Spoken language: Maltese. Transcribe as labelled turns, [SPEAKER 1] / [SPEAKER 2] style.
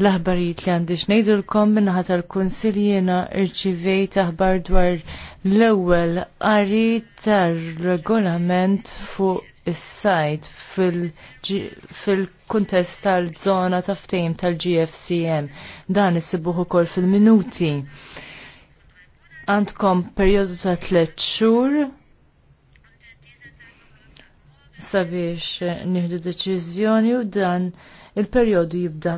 [SPEAKER 1] l-aħbarijiet li għandi xnejdulkom minnaħat tal-konsiljena irċivejt aħbar dwar l-ewwel għari tar-regolament fuq is-sajt fil-kuntest tal-żona ta' ftehim tal-GFCM. Dan issibuh ukoll fil-minuti. Għandkom perjodu ta' tliet xhur sabiex nieħdu deċiżjoni u dan
[SPEAKER 2] il-perjodu jibda